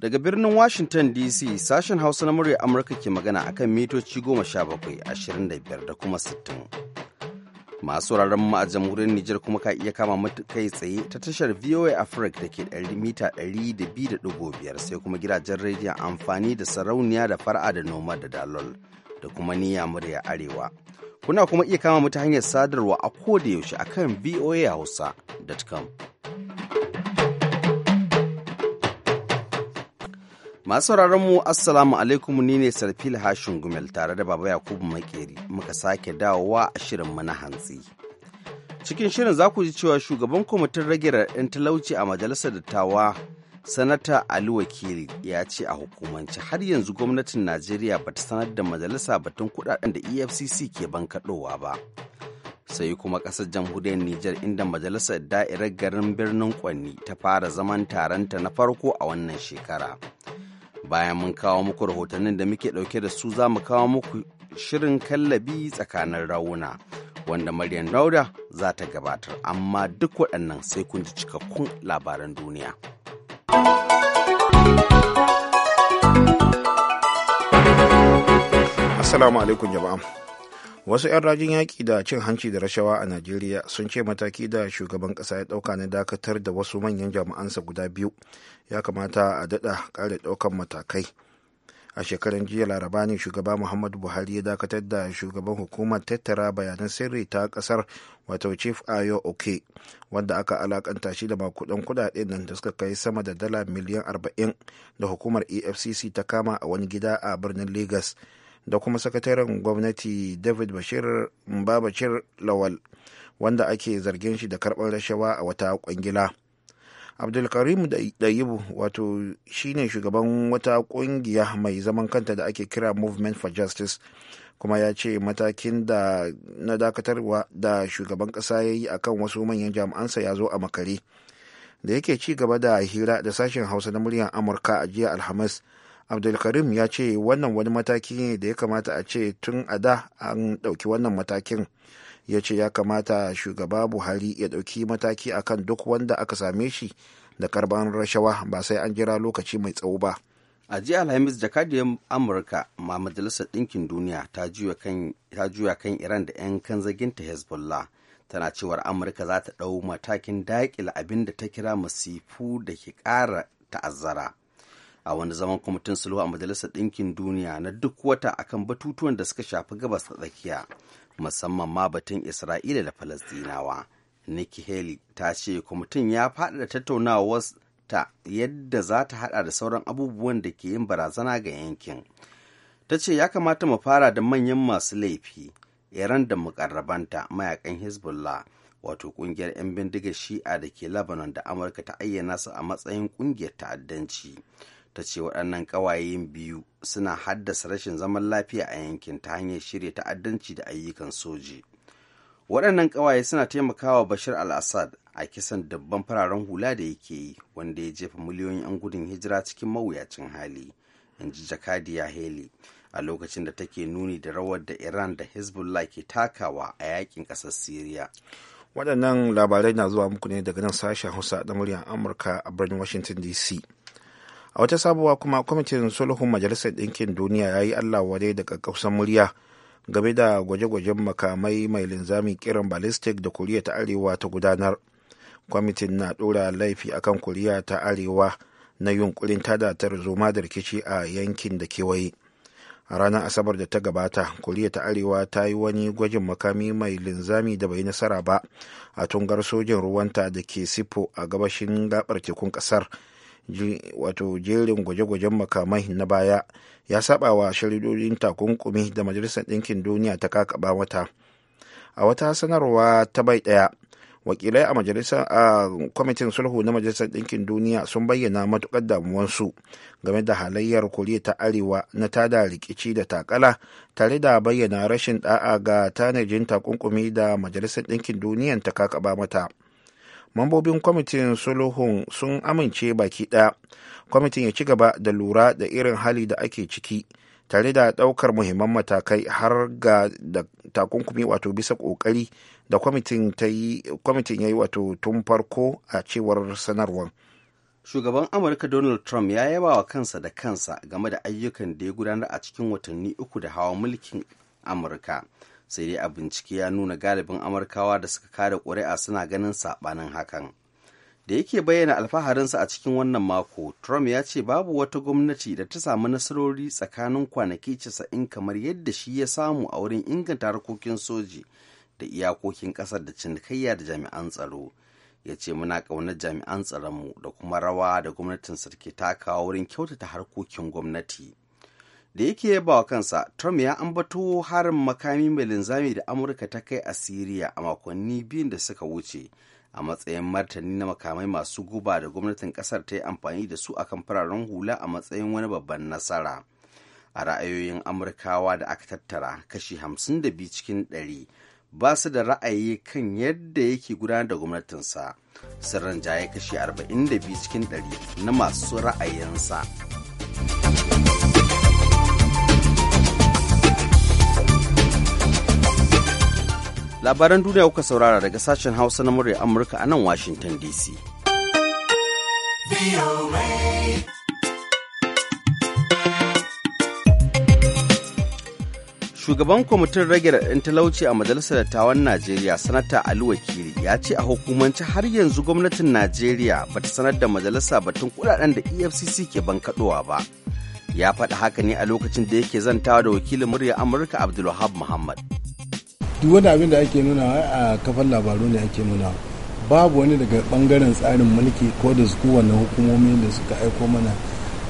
Daga birnin Washington DC sashen Hausa na murya Amurka ke magana akan mitoci 17, 25 da kuma 60. Masu wuraren mu a jamhuriyar Nijar kuma ka iya kama kai tsaye ta tashar VOA Africa da ke mita 200.5 sai kuma gidajen rediyon amfani da sarauniya da fara da noma da dalol da kuma niyya murya arewa. Kuna kuma iya kama mu ta hanyar sadarwa a koda yaushe akan hausa.com. Masu mu Assalamu alaikum ni ne Sarfil Hashin Gumel tare da Baba Yakubu Makeri muka sake dawowa a shirin mana hantsi. Cikin shirin za ku ji cewa shugaban kwamitin rage raɗin talauci a majalisar dattawa Sanata Ali Wakili ya ce a hukumance har yanzu gwamnatin Najeriya ba ta sanar da majalisa batun kudaden da EFCC ke bankaɗowa ba. Sai kuma ƙasar jamhuriyar Nijar inda majalisar da'irar garin birnin Kwanni ta fara zaman taronta na farko a wannan shekara. bayan mun kawo muku rahotannin da muke ɗauke da su za mu kawo muku shirin kallabi tsakanin rawuna wanda maryan Dauda za ta gabatar amma duk waɗannan sai kun ji cikakkun labaran duniya. Assalamu alaikum jama'a. wasu 'yan rajin yaƙi da cin hanci da rashawa a najeriya sun ce mataki da shugaban ƙasa ya ɗauka na dakatar da wasu manyan jami'ansa guda biyu ya kamata a daɗa ƙara ɗaukan matakai a shekaran jiya laraba ne shugaba muhammadu buhari ya dakatar da shugaban hukumar tattara bayanan sirri ta ƙasar wato chief ayo oke wanda aka alakanta shi da makudan kudaden nan da suka kai sama da dala miliyan 40 da hukumar efcc ta kama a wani gida a birnin lagos da kuma sakataren gwamnati david bashir babacir lawal wanda ake zargin shi da karɓar rashawa a wata kwangila abdulkarim dayibu wato shine shugaban wata kungiya mai zaman kanta da ake kira movement for justice kuma ya ce matakin da na dakatarwa da shugaban kasa ya yi akan wasu manyan jami'ansa ya zo a makare da yake ci gaba da hira da sashen hausa na muryar amurka a jiya alhamis abdulkarim ya ce wannan wani mataki ne da ya kamata a ce tun a da an ɗauki wannan matakin ya ce ya kamata shugaba buhari ya ɗauki mataki akan duk wanda aka same shi da karban rashawa ba sai an jira lokaci mai tsawo ba a ji alhamis jakadiyar amurka ma majalisar ɗinkin duniya ta juya kan iran da 'yan kanzaginta hezbollah tana cewar amurka za ta ɗau matakin daƙila abin da ta kira masifu da ke ƙara ta'azzara a wani zaman kwamitin sulhu a majalisar ɗinkin duniya na duk wata akan batutuwan da suka shafi gabas ta tsakiya musamman ma batun isra'ila da falastinawa nikki haley ta ce kwamitin ya da tattaunawar ta yadda za ta haɗa da sauran abubuwan da ke yin barazana ga yankin ta ce ya kamata mu fara da manyan masu laifi iran da mukarrabanta mayakan hezbollah wato kungiyar 'yan bindigar shi'a da ke lebanon da amurka ta ayyana su a matsayin kungiyar ta'addanci ta ce waɗannan ƙawayen biyu suna haddasa rashin zaman lafiya a yankin ta hanyar shirya ta'addanci da ayyukan soji waɗannan ƙawaye suna taimakawa bashir al-assad a kisan dabban fararen hula da yake yi wanda ya jefa miliyoyin 'yan gudun hijira cikin mawuyacin hali in ji jakadiya haley a lokacin da take nuni da rawar da iran da hezbollah ke takawa a yakin ƙasar syria waɗannan labarai na zuwa muku ne daga nan sashen hausa da muryar amurka a birnin washington dc a wata sabuwa kuma kwamitin sulhun majalisar ɗinkin duniya ya yi allah wadai da kakkausan murya game da gwaje-gwajen makamai mai linzamin kiran ballistic da koriya ta arewa ta gudanar kwamitin na ɗora laifi akan koriya ta arewa na yunkurin tada zoma da rikici a yankin da kewaye a ranar asabar da ta gabata koriya ta arewa ta yi wani gwajin makami mai linzami da bai nasara ba a tungar sojin ruwanta da ke sifo a gabashin gabar tekun kasar wato jerin gwaje-gwajen makamai na baya ya saba wa sharidodin takunkumi da majalisar ɗinkin duniya ta kakaba mata a wata sanarwa ta bai ɗaya wakilai a majalisar a kwamitin sulhu na majalisar ɗinkin duniya sun bayyana matukar damuwansu game da halayyar koriya ta arewa na tada rikici da takala tare da bayyana rashin da'a ga tanajin takunkumi da majalisar ɗinkin duniya ta kakaba mata mambobin kwamitin sulhun sun amince baki ɗaya kwamitin ya ci gaba da lura da irin hali da ake ciki tare da ɗaukar muhimman matakai har ga da takunkumi wato bisa ƙoƙari da kwamitin ya yi wato tun farko a cewar sanarwar shugaban amurka donald trump ya yaba wa kansa da kansa game da ayyukan da ya gudanar a cikin watanni uku da hawa mulkin amurka sai dai a bincike ya nuna galibin amurkawa da suka kare ƙuri'a suna ganin saɓanin hakan da yake bayyana alfaharinsa a cikin wannan mako trump ya ce babu wata gwamnati da ta samu nasarori tsakanin kwanaki casa'in kamar yadda shi ya samu a wurin inganta harkokin soji da iyakokin ƙasar da cinikayya da jami'an tsaro ya ce muna ƙaunar jami'an tsaronmu da kuma rawa da gwamnatin ke takawa wurin kyautata harkokin gwamnati da yake yaba wa kansa trump ya ambato harin makami mai linzami da amurka ta kai a siriya a makonni biyun da suka wuce a matsayin martani na makamai masu guba da gwamnatin kasar ta yi amfani da su akan fararen hula a matsayin wani babban nasara a ra'ayoyin amurkawa da aka tattara kashi 52 cikin 100 ba su da ra'ayi kan yadda yake gudanar da gwamnatinsa sirrin jaye kashi 42 cikin 100 na masu ra'ayinsa. labaran duniya kuka saurara daga sashen hausa na murya amurka a nan washington dc shugaban kwamitin rage raɗin talauci a majalisar dattawan najeriya sanata ali wakili ya ce a hukumance har yanzu gwamnatin najeriya ba ta sanar da majalisa batun kudaden da efcc ke bankaɗowa ba ya faɗi haka ne a lokacin da yake zantawa da wakilin murya amurka abdulwahab muhammad duk wani abin da ake nuna a kafan labaru ne ake nuna babu wani daga bangaren tsarin mulki ko da su kowane hukumomi da suka aiko mana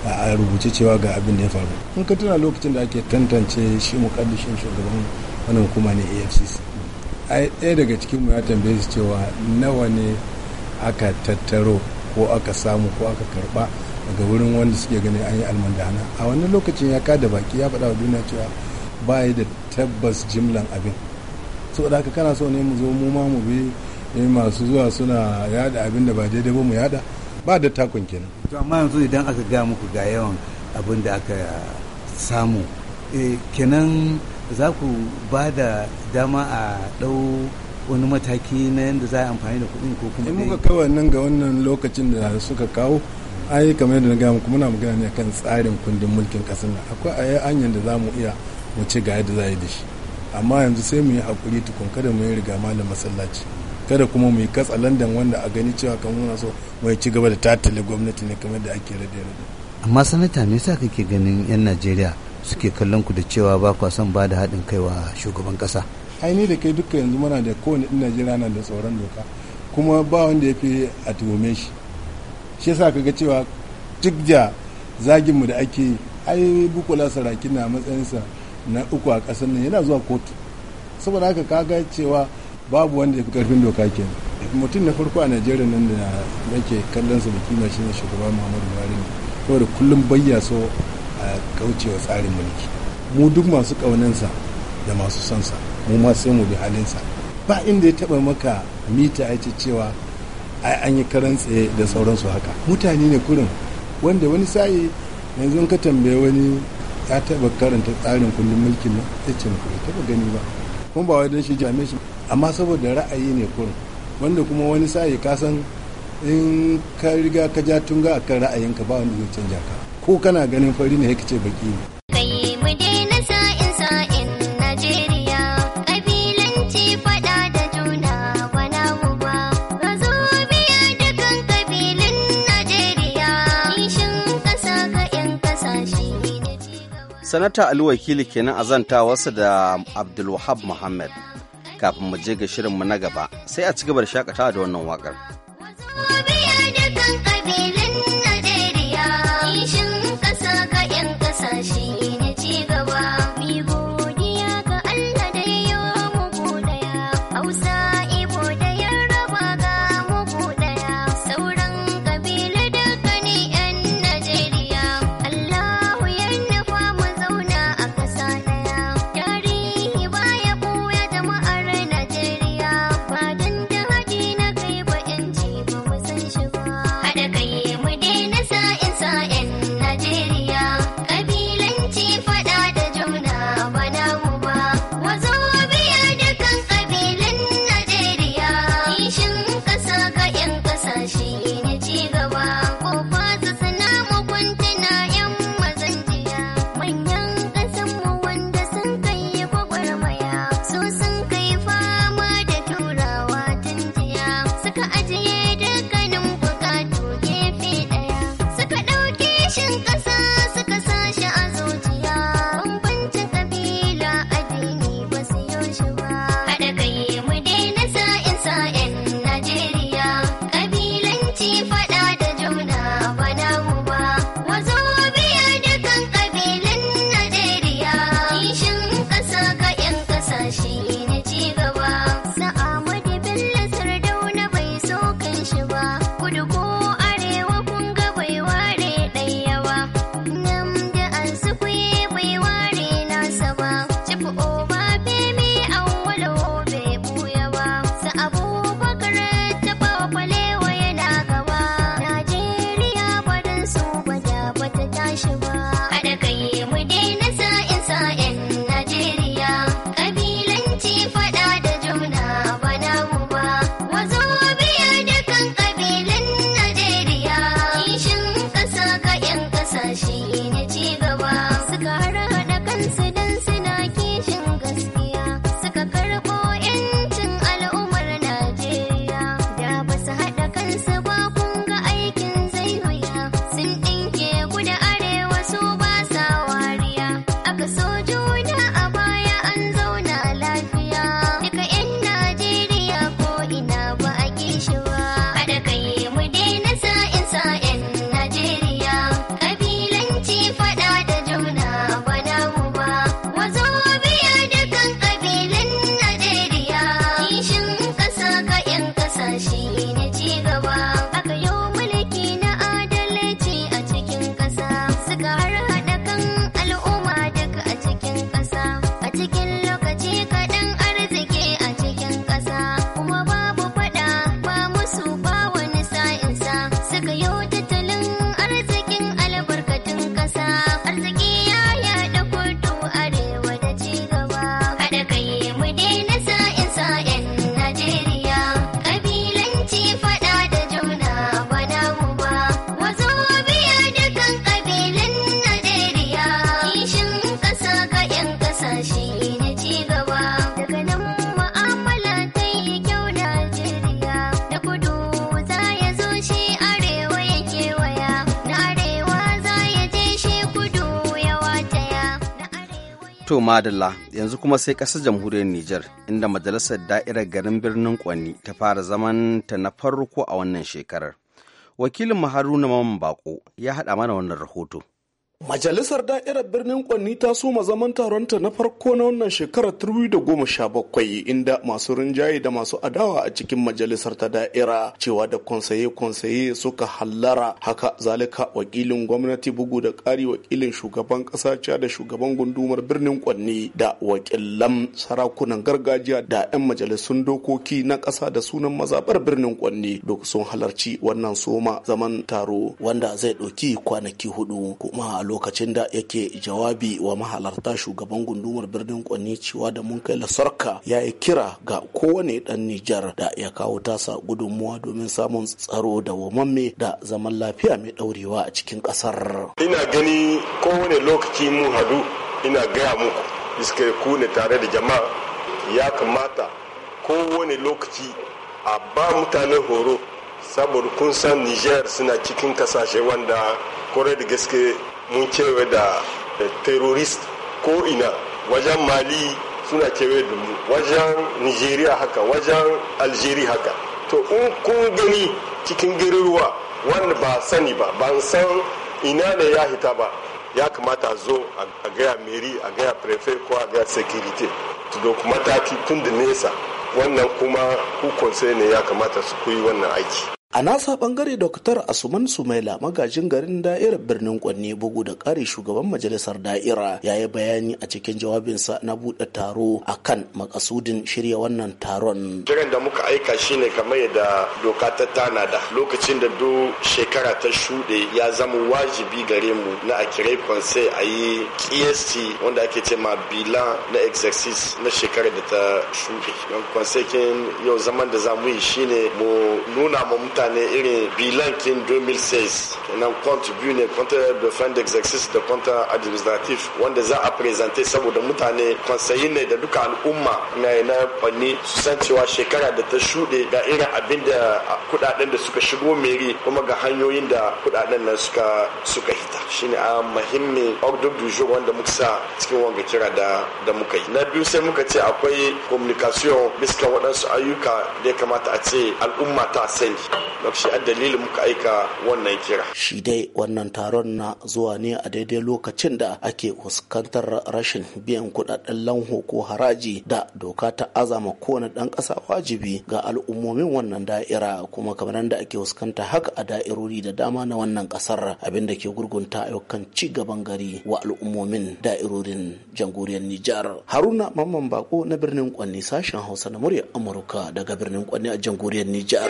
a rubuce cewa ga abin da ya faru in ka tuna lokacin da ake tantance shi mukaddishin shugaban wani hukuma ne afcc ɗaya daga cikinmu ya tambaye su cewa nawa ne aka tattaro ko aka samu ko aka karba daga wurin wanda suke ganin an yi almandana a wannan lokacin ya kada baki ya faɗa wa duniya cewa ba da tabbas jimlan abin da haka kana so ne mu zo mu ma mu bi eh, masu zuwa suna yada abin da ba daidai ba mu yada ba da takun kenan to amma yanzu idan aka ga muku ga yawan abin da aka samu eh, kenan za ku ba da dama a ɗau wani mataki na yadda za a amfani da kuɗin ko kuma in muka kai wannan ga wannan lokacin da suka kawo ai kamar yadda na gaya muku muna magana ne kan tsarin kundin mulkin ƙasar nan akwai a eh, hanyar da za mu iya mu ce ga yadda za a yi da shi amma yanzu sai mu yi hakuri tukun kada mu yi riga malam masallaci kada kuma mu yi katsalandan wanda a gani cewa kan muna so mu ci gaba da tattale gwamnati ne kamar da ake rade rade amma sanata me yasa kake ganin yan Najeriya suke kallon ku da cewa ba kwa son ba da haɗin kai wa shugaban ƙasa ai ni da kai duka yanzu muna da kowane ɗin Najeriya na da tsoron doka kuma ba wanda ya fi a tuhume shi shi yasa ga cewa duk da zaginmu da ake yi ai bukola saraki na matsayinsa na uku a ƙasar nan yana zuwa kotu saboda haka kaga cewa babu wanda ya fi karfin doka ke mutum na farko a najeriya nan da nake kallon sa da kima shi ne shugaba muhammadu buhari ne saboda kullum bayya so a kaucewa tsarin mulki mu duk masu ƙaunansa da masu sansa mu ma sai mu bi halinsa ba inda ya taba maka mita ya ce cewa ai an yi karan tsaye da sauransu haka mutane ne kurin wanda wani sa'i yanzu ka tambaye wani ka taba karanta tsarin kundin mulkin nan ta ce ta taba gani ba kuma ba wajen shi jami'a shi amma saboda ra'ayi ne kurin wanda kuma wani sa'i ka san in ka riga ka ja tunga a kan ra'ayinka ba wanda zai canja ka ko kana ganin fari ne ya ce baki ne sanata ali wakili kenan a zantawarsa da abdulwahab muhammad kafin mu je ga shirin mu na gaba sai a ci gaba da shakatawa da wannan waƙar. To Madalla yanzu kuma sai ƙasar jamhuriyar Nijar inda majalisar da'irar garin birnin Kwanni ta fara zaman ta na farko a wannan shekarar. Wakilin Haruna Mamman Bako ya haɗa mana wannan rahoto. Majalisar da'irar birnin Kwanni ta soma zaman taronta na farko na wannan shekarar bakwai, inda masu rinjaye da masu adawa a cikin majalisar ta da'ira cewa da konsaye-konsaye suka hallara haka zalika wakilin gwamnati bugu da ƙari wakilin shugaban ƙasa da shugaban gundumar birnin Kwanni da wakilan sarakunan gargajiya da 'yan majalisun dokoki na ƙasa da sunan mazabar birnin Kwanni duk sun halarci wannan soma zaman taro wanda zai ɗauki kwanaki hudu kuma lokacin da yake jawabi wa mahalarta shugaban gundumar birnin kwanni cewa da mun kai lasarka ya yi kira ga kowane dan nijar da ya kawo tasa gudunmuwa domin samun tsaro da wamanme da zaman lafiya mai daurewa a cikin kasar ina gani kowane lokaci mu hadu ina gaya muku iska ku ne tare da jama'a ya kamata kowane lokaci a ba mutane horo saboda kun san nijar suna cikin kasashe wanda kore da gaske mun cewa da terrorist ko ina wajen mali suna cewa da mu wajen nigeria haka wajen algeria haka to in kun gani cikin garuruwa wanda ba sani ba ban san ina ne ya hita ba ya kamata zo a gaya meri a gaya prefe ko a gaya security kuma ta mataki tun da nesa wannan kuma ku ne ya kamata su kuyi wannan aiki A nasa bangare Dr. Asuman Sumaila magajin garin da'irar birnin Kwanne bugu da kare shugaban majalisar da'ira ya yi bayani a cikin jawabinsa na buɗe taro a kan makasudin shirya wannan taron. Jiran da muka aika shi shine kamar yadda doka ta tana da. lokacin da do shekara ta shuɗe ya zama wajibi gare mu na a kirai konse a yi kst wanda ake ce ma bilan na exercice na shekara da ta shuɗe. yau zaman da za mu yi shine mu nuna ma mutane irin bilankin 2006 kenan compte biyu ne compte de fin d'exercice da compte administratif wanda za a presente saboda mutane konsayi ne da duka al'umma na yana kwanni su san cewa shekara da ta shuɗe ga irin abin da kuɗaɗen da suka shigo meri kuma ga hanyoyin da kuɗaɗen nan suka suka hita shine a muhimmin ordre du jour wanda muka sa cikin wanga kira da da muka yi na biyu sai muka ce akwai communication bisa waɗansu ayyuka da ya kamata a ce al'umma ta sani lokaci a dalilin muka aika wannan kira shi dai wannan taron na zuwa ne a daidai lokacin da ake fuskantar rashin biyan kudaden lanho ko haraji da doka ta azama kowane ɗan ƙasa wajibi ga al'ummomin wannan da'ira kuma kamar da ake fuskanta haka a da'irori da dama na wannan kasar abin da ke gurgunta ayyukan ci gaban gari wa al'ummomin da'irorin jamhuriyar Nijar Haruna Mamman Bako na birnin Kwanni sashen Hausa na murya Amurka daga birnin Kwanni a jamhuriyar Nijar.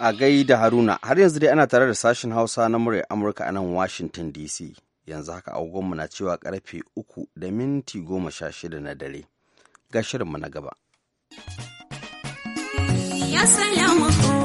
a da haruna har yanzu dai ana tare da sashen hausa na murya amurka a nan washington dc yanzu haka agogonmu na cewa karfe uku da minti goma sha shida na dare ga shirinmu na gaba ya salamu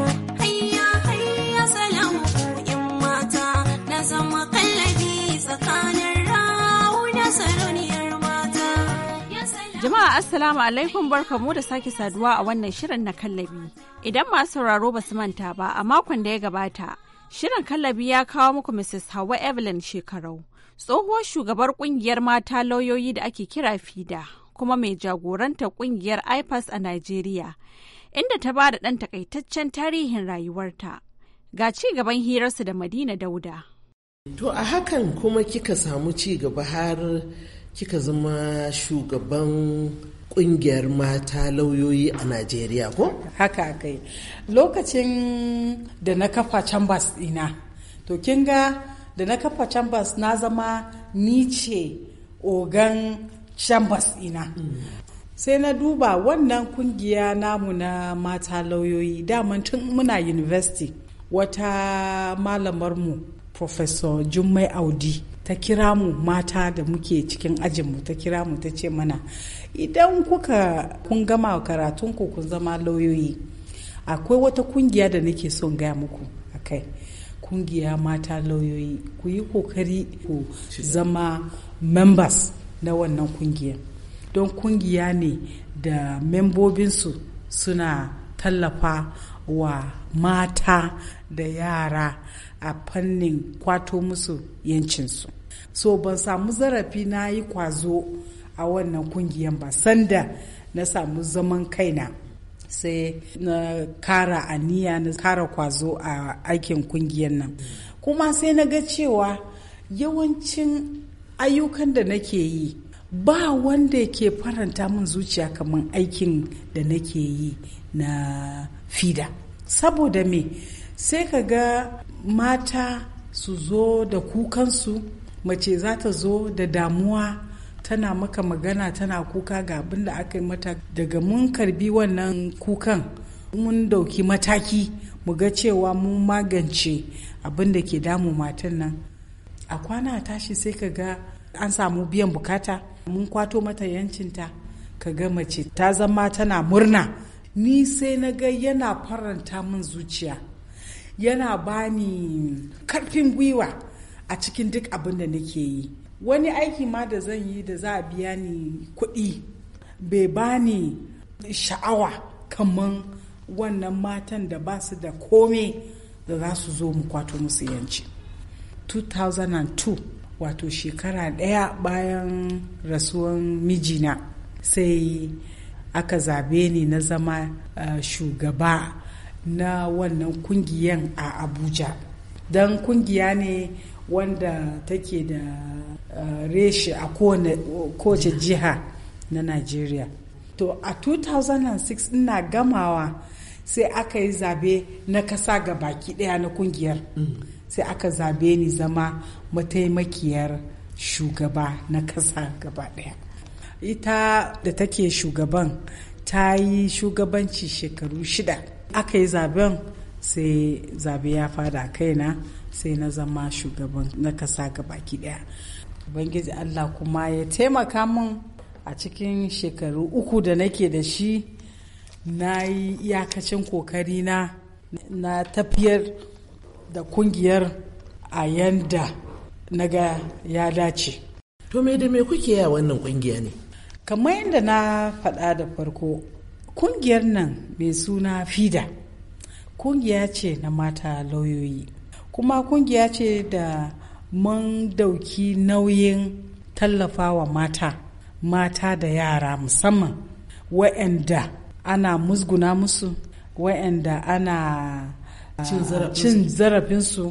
Jama'a Assalamu alaikum barkamu da sake saduwa a wannan shirin na kallabi. Idan masu sauraro ba su manta ba a makon da ya gabata, shirin kallabi ya kawo muku Mrs. Hawa Evelyn shekarau. Tsohuwar shugabar kungiyar mata lauyoyi da ake kira FIDA kuma mai jagoranta kungiyar IPAS a Najeriya, inda ta ba da ɗan takaitaccen tarihin rayuwarta. Ga ci gaban hirarsu da Madina Dauda. To a hakan kuma kika samu ci gaba har kika zama shugaban kungiyar mata lauyoyi a Najeriya ko? Haka kai. Lokacin da na kafa chambers ina to kin ga da na kafa chambers na zama ni ce ogan chambers ina. Sai na duba wannan kungiya namu na mata lauyoyi daman tun muna university wata malamarmu Professor Jummai Audi. ta kira mu mata da muke cikin ajinmu ta kira mu ta ce mana idan kuka kun gama karatun ku kun zama lauyoyi akwai wata kungiya da nake son gaya muku a kai kungiya mata lauyoyi ku yi kokari ku zama members na wannan kungiya don kungiya ne da membobinsu suna tallafa wa mata da yara a fannin kwato musu yancinsu so ban samu zarafi na yi kwazo a wannan kungiyan ba sanda na samu zaman kaina sai na kara aniya na kara kwazo a aikin kungiyan nan kuma sai na ga cewa yawancin ayyukan da nake yi ba wanda ke faranta min zuciya kamar aikin da nake yi na fida saboda me sai ka ga mata su zo da kukansu mace za ta zo da damuwa tana maka magana tana kuka ga abin da aka yi mata daga mun karbi wannan kukan mun dauki mataki mu ga cewa mun magance abin da ke damu matan nan a kwana tashi sai ka ga an samu biyan bukata mun kwato mata yancinta ka ga mace ta zama tana murna ni sai na ga yana faranta min zuciya yana bani karfin gwiwa a cikin duk abin da nake yi wani aiki ma da zan yi da za a biya ni kuɗi bai bani sha'awa kamar wannan matan da ba su da kome da za su zo mu kwato musu yanci 2002 wato shekara ɗaya bayan rasuwan mijina sai aka zabe ni na zama eh, shugaba na wannan kungiyan a abuja don kungiya ne wanda take da eh, reshe a kowace jiha na nigeria to a 2006 ina gamawa sai aka yi zabe na kasa ga baki daya na kungiyar sai aka zabe ni zama mataimakiyar shugaba na kasa gaba daya ita da take shugaban ta yi shugabanci shekaru shida aka yi zaben sai zabe ya fada kaina sai na zama shugaban na kasa baki daya ubangiji allah kuma ya taimaka min a cikin shekaru uku da nake da shi na yi iyakacin kokari na na tafiyar da kungiyar a yanda naga ya dace to me da me kuke yi wannan kungiya ne kamar yadda na faɗa da farko kungiyar nan mai suna fida kungiya ce na mata lauyoyi kuma kungiya ce da mun dauki nauyin tallafawa mata mata da yara musamman wa'anda ana musguna musu wa'anda ana ah, cin zarafinsu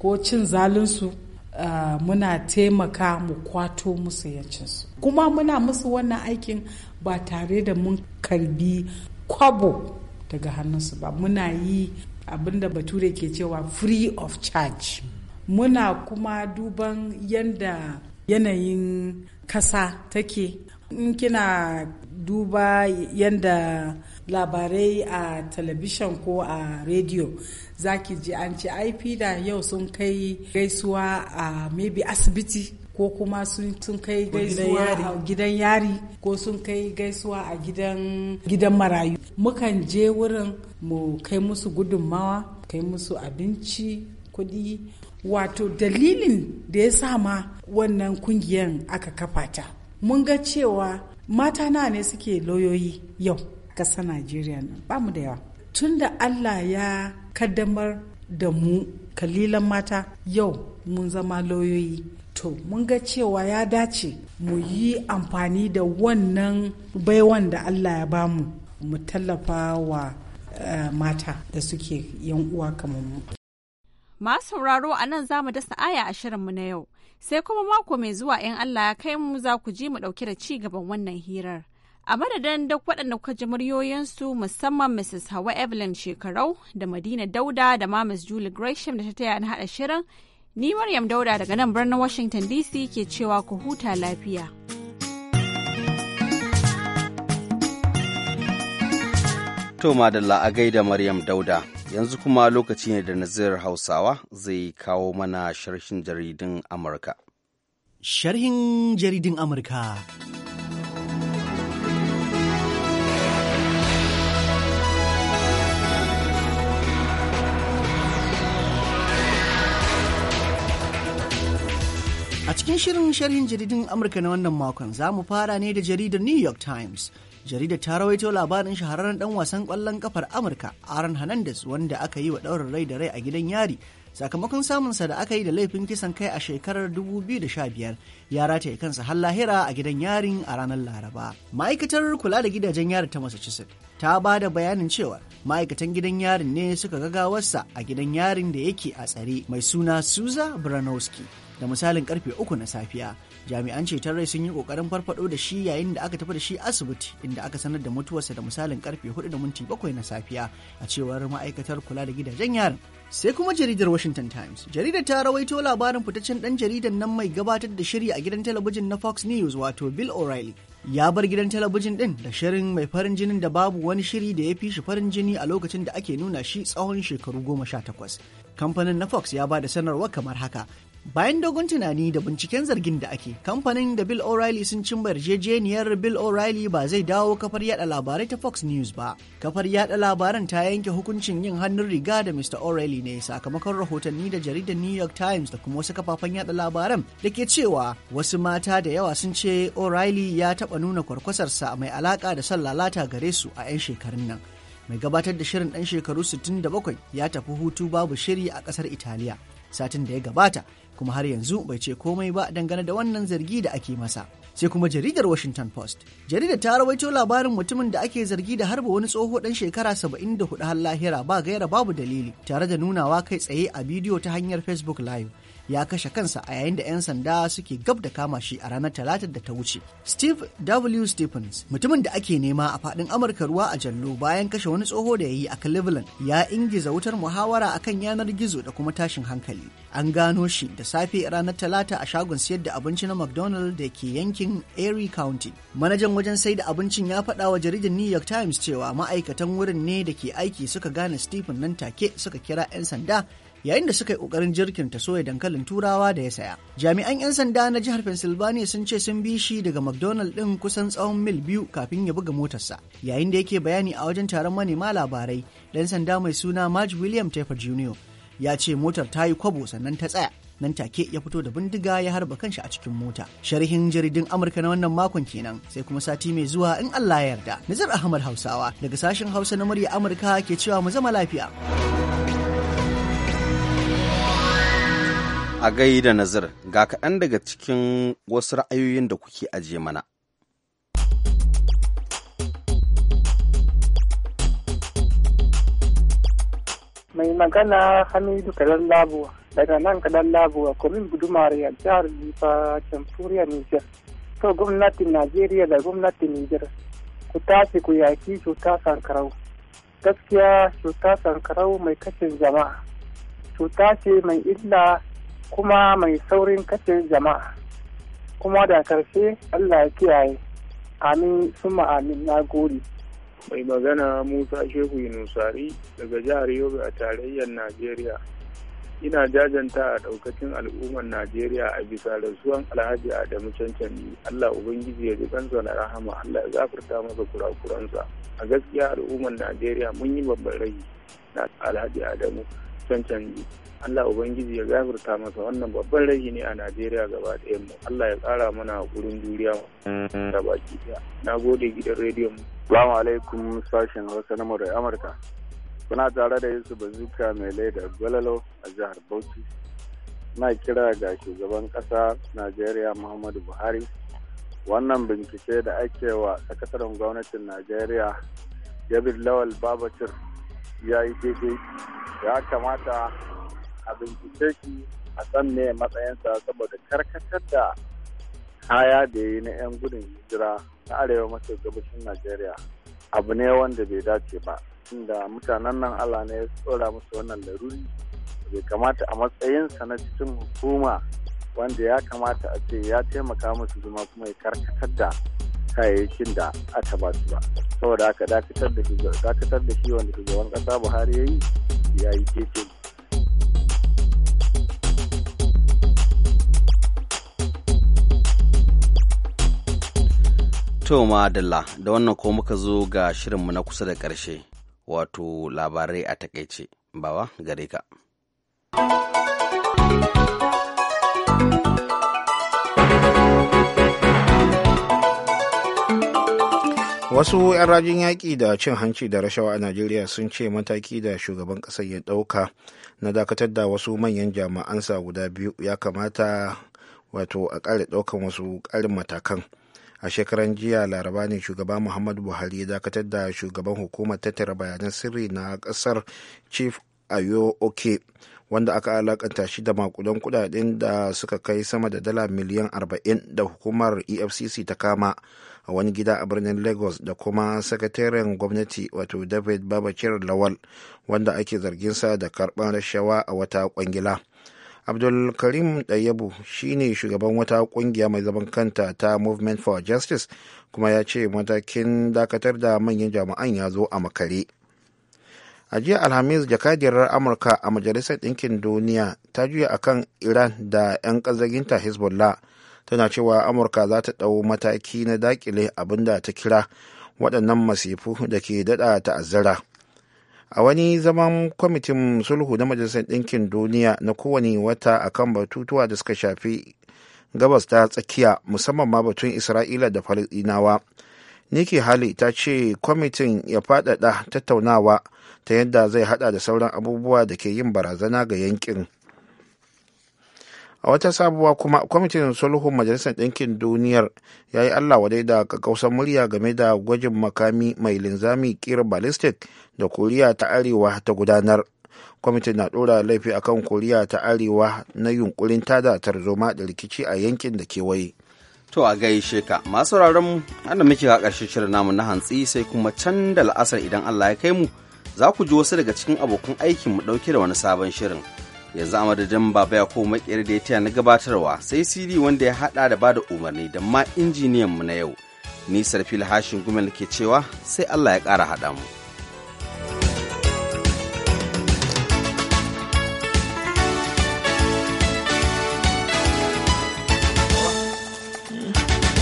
ko cin zalinsu Uh, muna taimaka mu kwato musu yancinsu kuma muna musu wannan aikin ba tare da mun karbi kwabo daga hannunsu ba muna yi abinda bature ke cewa free of charge muna kuma duban yadda yanayin kasa take in kina duba yadda labarai a talabishin ko a rediyo zaki ji an ce ai da yau sun kai gaisuwa a maybe asibiti ko kuma sun kai gaisuwa a gidan yari ko sun kai gaisuwa a gidan gidan marayu mukan je wurin mu kai musu gudunmawa kai musu abinci kuɗi wato dalilin da ya sa ma wannan kungiyan aka kafa ta mun ga cewa mata na ne suke lauyoyi yau ƙasa najeriya ba mu da yawa tun da allah ya kaddamar da mu kalilan mata yau mun zama lauyoyi to mun ga cewa ya dace mu yi amfani da wannan baiwan da allah ya bamu mu tallafa wa eh, mata da suke yan uwa kamar mu masu sauraro a nan za mu dasa aya a shirinmu na yau sai kuma mako mai zuwa 'yan allah ya kai mu za ku ji mu dauke da ci gaban wannan hirar A madadin duk waɗanda kuka ji muryoyinsu musamman Mrs. Hawa Evelyn Shekarau da Madina Dauda da Mamas Julie Gresham da ta taya na haɗa shirin, ni Maryam Dauda daga nan birnin Washington DC ke cewa ku huta lafiya. To madalla a gaida Maryam Dauda, yanzu kuma lokaci ne da nazirar Hausawa zai kawo mana sharhin jaridin Amurka. Sharhin jaridin Amurka. A cikin shirin sharhin jaridun Amurka na wannan makon za mu fara ne da jaridar New York Times. Jaridar ta rawaito labarin shahararren dan wasan kwallon kafar Amurka Aaron Hernandez wanda aka yi wa ɗaurin rai da rai a gidan yari sakamakon samunsa da aka yi da laifin kisan kai a shekarar 2015 ya rataye kansa har lahira a gidan yarin a ranar laraba ma'aikatar kula da gidajen yari ta massachusetts ta ba da bayanin cewa ma'aikatan gidan yarin ne suka gagawarsa a gidan yarin da yake a tsare mai suna suza branowski da misalin karfe uku na safiya jami'an ceton rai sun yi kokarin farfado da shi yayin da aka tafi da shi asibiti inda aka sanar da mutuwarsa da misalin karfe hudu da minti bakwai na safiya a cewar ma'aikatar kula da gidajen yaran sai kuma jaridar washington times jaridar ta rawaito labarin fitaccen dan jaridan nan mai gabatar da shiri a gidan talabijin na fox news wato bill o'reilly ya bar gidan talabijin din da shirin mai farin jinin da babu wani shiri da ya fi shi farin jini a lokacin da ake nuna shi tsawon shekaru goma sha takwas kamfanin na fox ya ba da sanarwa kamar haka Bayan dogon tunani da binciken zargin da ake, kamfanin da Bill O'Reilly sun cimma yarjejeniyar Bill O'Reilly ba zai dawo kafar yada labarai ta Fox News ba. Kafar yada labaran ta yanke hukuncin yin hannun riga da Mr. O'Reilly ne sakamakon rahotanni da jaridar New York Times da kuma wasu kafafen yada labaran da ke cewa wasu mata da yawa sun ce O'Reilly ya taɓa nuna kwarkwasarsa mai alaka da son lalata gare su a 'yan shekarun nan. Mai gabatar da shirin dan shekaru 67 ya tafi hutu babu shiri a ƙasar Italiya. Satin da ya gabata, kuma har yanzu bai ce komai ba dangane da wannan zargi da ake masa. Sai kuma jaridar Washington Post. Jaridar ta rawaito labarin mutumin da ake zargi da harba wani tsoho dan shekara 74 har lahira ba gaira babu dalili tare da nunawa kai tsaye a bidiyo ta hanyar Facebook Live. ya kashe kansa a yayin da 'yan sanda suke gab da kama shi a ranar talata da ta wuce. Steve W. Stephens, mutumin da ake nema a faɗin Amurka ruwa a jallo bayan kashe wani tsoho da ya yi a Cleveland, ya ingiza wutar muhawara a kan yanar gizo da kuma tashin hankali. An gano shi da safe ranar talata a shagon siyar da abinci na McDonald da ke yankin Erie County. Manajan wajen sai da abincin ya faɗa wa jaridar New York Times cewa ma'aikatan wurin ne da ke aiki suka gane Stephen nan take suka kira 'yan sanda yayin da suka yi kokarin ta soya dankalin turawa da ya saya jami'an 'yan sanda na jihar pennsylvania sun ce sun bi shi daga mcdonald din kusan tsawon mil biyu kafin ya buga motarsa yayin da yake bayani a wajen taron manema labarai dan sanda mai suna marge william tepper jr ya ce motar ta yi kwabo sannan ta tsaya nan take ya fito da bindiga ya harba kanshi a cikin mota sharhin jaridin amurka na wannan makon kenan sai kuma sati mai zuwa in allah ya yarda nizar ahmad hausawa daga sashen hausa na murya amurka ke cewa mu zama lafiya. A da Nazir, ga kaɗan daga cikin wasu ra'ayoyin da kuke ajiye mana. Mai magana Hamidu Kalan Labuwa, daga nan Kalan Labuwa, kwamin ya jihar Jifa, Jamhuriyar Nijar. To gwamnatin Najeriya da gwamnatin Nijar, ku tafi ku yaki cuta sankarau. Gaskiya cuta sankarau mai kashin jama'a. Cuta ce mai illa kuma mai saurin kashe jama'a kuma da karshe allah ya kiyaye amin suma amin na gode mai magana musa shehu yunusari daga jihar yobe a tarayyar najeriya ina jajanta a daukacin al'ummar najeriya a bisa rasuwan alhaji adamu cancani allah ubangiji ya ji kansa na rahama allah ya gafarta masa kurakuransa a gaskiya al'ummar najeriya mun yi babban rai na alhaji adamu wancan canji Allah Ubangiji ya gafarta masa wannan babban ragi ne a Najeriya gaba mu. Allah ya ƙara mana hakurin juriya da baki daya. Na gode gidan rediyon mu. Salamu alaikum sashen Hausa na Murai Amurka. Kuna tare da Yusuf Bazuka mai laida Gwalalo a jihar Bauchi. Na kira ga shugaban ƙasa Najeriya Muhammadu Buhari. Wannan bincike da ake wa sakataren gwamnatin Najeriya David Lawal Babacir ya yi daidai ya kamata a bincike shi a san ne matsayinsa saboda karkatar da kaya da yi na 'yan gudun hijira na arewa maso gabashin najeriya abu ne wanda bai dace ba inda mutanen nan allah ne ya tsora musu wannan laruri bai kamata a matsayinsa na cikin hukuma wanda ya kamata a ce ya taimaka musu zuma kuma ya karkatar da kayayyakin da aka ba su ba saboda aka dakatar da dakatar da shi wanda shugaban kasa buhari yayi yi ya yi keke to madalla da wannan ko muka zo ga shirinmu na kusa da ƙarshe wato labarai a takaice bawa gare ka wasu 'yan rajin yaƙi da cin hanci da rashawa a najeriya sun ce mataki da shugaban ƙasar ya ɗauka na dakatar da wasu manyan jami'ansa guda biyu ya kamata wato a ƙara ɗaukan wasu ƙarin matakan a shekaran jiya laraba ne shugaba muhammadu buhari ya dakatar da shugaban hukumar tattara bayanan sirri na ƙasar chief ayo oke wanda aka alakanta shi da makudan kudaden da suka kai sama da dala miliyan 40 da hukumar efcc ta kama a wani gida a birnin lagos da kuma sakataren gwamnati wato david babakir lawal wanda ake zargin sa da karban rashawa a wata kwangila abdulkarim ɗayyabu shine shugaban wata kungiya mai zaman kanta ta movement for justice kuma ya ce matakin dakatar da manyan jami'an ya zo a makare a jiya alhamis jakadiyar amurka a majalisar ɗinkin duniya ta juya a kan iran da 'yan ƙazaginta hezbollah tana cewa amurka za ta ɗau mataki na dakile da ta kira waɗannan masifu da ke daɗa ta'azzara a wani zaman kwamitin sulhu na majalisar ɗinkin duniya na kowane wata a kan batutuwa da suka shafi gabas ta tsakiya musamman ma batun isra'ila da falasɗinawa Nikki Haley ta ce kwamitin ya faɗaɗa tattaunawa ta yadda zai hada da sauran abubuwa da ke yin barazana ga yankin. A wata sabuwa kuma kwamitin sulhun Majalisar Ɗinkin Duniyar ya yi Allah wadai da kakkausar murya game da gwajin makami mai linzami kira ballistic da Koriya ta Arewa ta gudanar. Kwamitin na ɗora laifi akan Koriya ta Arewa na yunkurin tada tarzoma da rikici a yankin da kewaye. To a gaishe ka masu mu anda muke ga ƙarshen shirin namu na hantsi sai kuma can da la'asar idan Allah ya kai mu za ku ji wasu daga cikin abokan aikin mu ɗauke da wani sabon shirin. Yanzu a madadin baba ya koma makiyar da ya taya na gabatarwa sai Sidi wanda ya haɗa da bada umarni da ma injiniyan mu na yau. nisar Sarfil Hashin Gumel ke cewa sai Allah ya ƙara haɗa mu.